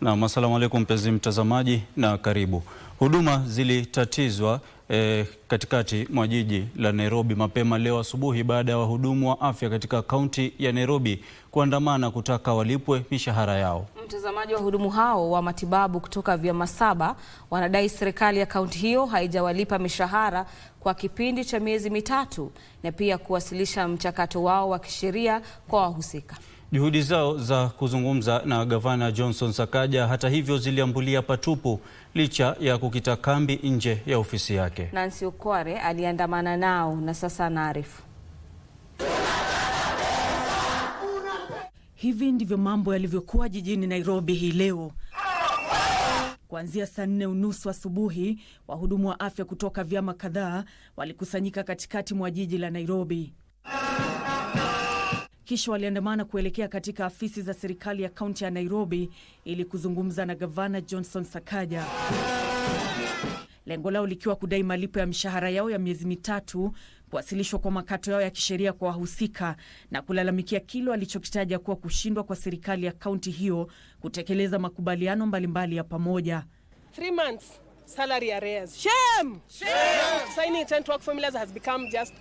Naam, asalamu alaykum mpenzi mtazamaji na karibu. Huduma zilitatizwa e, katikati mwa jiji la Nairobi mapema leo asubuhi baada ya wahudumu wa afya katika kaunti ya Nairobi kuandamana kutaka walipwe mishahara yao. Mtazamaji, wa hudumu hao wa matibabu kutoka vyama saba wanadai serikali ya kaunti hiyo haijawalipa mishahara kwa kipindi cha miezi mitatu na pia kuwasilisha mchakato wao wa kisheria kwa wahusika. Juhudi zao za kuzungumza na Gavana Johnson Sakaja hata hivyo ziliambulia patupu licha ya kukita kambi nje ya ofisi yake. Nancy Okware aliandamana nao na sasa anaarifu. Hivi ndivyo mambo yalivyokuwa jijini Nairobi hii leo. Kuanzia saa nne unusu asubuhi, wahudumu wa afya kutoka vyama kadhaa walikusanyika katikati mwa jiji la Nairobi. Kisha waliandamana kuelekea katika afisi za serikali ya kaunti ya Nairobi ili kuzungumza na gavana Johnson Sakaja, lengo lao likiwa kudai malipo ya mishahara yao ya miezi mitatu, kuwasilishwa kwa makato yao ya kisheria kwa wahusika na kulalamikia kile alichokitaja kuwa kushindwa kwa serikali ya kaunti hiyo kutekeleza makubaliano mbalimbali mbali ya pamoja. Three months salary arrears. Shame! Shame! Signing intent work formulas has become just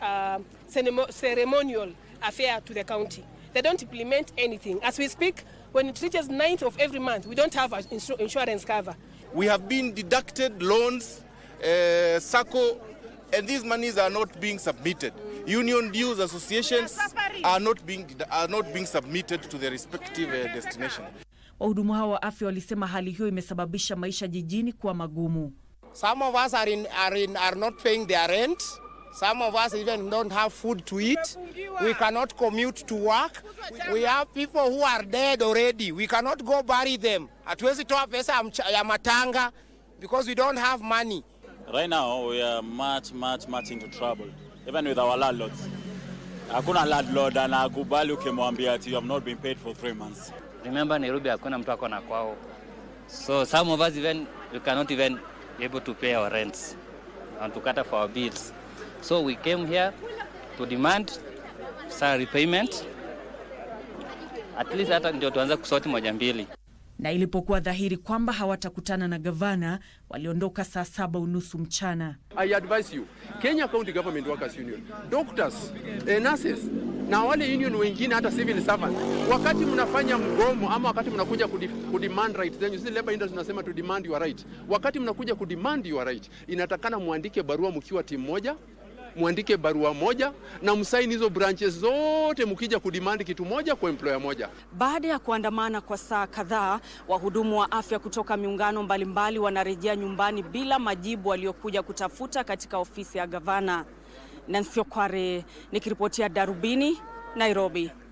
ceremonial affair to the county. They don't implement anything. As we speak, when it reaches 9th of every month, we don't have an insurance cover. We have been deducted loans, uh, SACO, and these monies are not being submitted. Union dues associations are not being, are not being submitted to their respective uh, destination. Wahudumu hao wa afya walisema hali hiyo imesababisha maisha jijini kuwa magumu. Some of us are in, are in, are not paying their rent. Some of us even don't have food to eat. We cannot commute to work. We have people who are dead already. We cannot go bury them. Hatuwezi toa pesa ya matanga because we don't have money. Right now we are much much much into trouble even with our landlords. Hakuna landlord anakubali ukimwambia ati you have not been paid for three months. Remember Nairobi hakuna mtu akona kwao. So some of us even we cannot even able to pay our rents and to cater for our bills. So we came here to demand some repayment. At least hata ndio tuanze kusoti moja mbili. Na ilipokuwa dhahiri kwamba hawatakutana na gavana, waliondoka saa saba unusu mchana. I advise you, Kenya County Government Workers Union, doctors, eh, nurses na wale union wengine hata civil servants, wakati mnafanya mgomo ama wakati mnakuja kudemand right zenyu, si labor industry tunasema to demand your right. Wakati mnakuja kudemand your right, inatakana muandike barua mkiwa timu moja mwandike barua moja na msaini hizo branches zote, mkija kudimandi kitu moja kwa employer moja. Baada ya kuandamana kwa saa kadhaa, wahudumu wa afya kutoka miungano mbalimbali wanarejea nyumbani bila majibu waliokuja kutafuta katika ofisi ya gavana. Nancy Okware nikiripotia Darubini, Nairobi.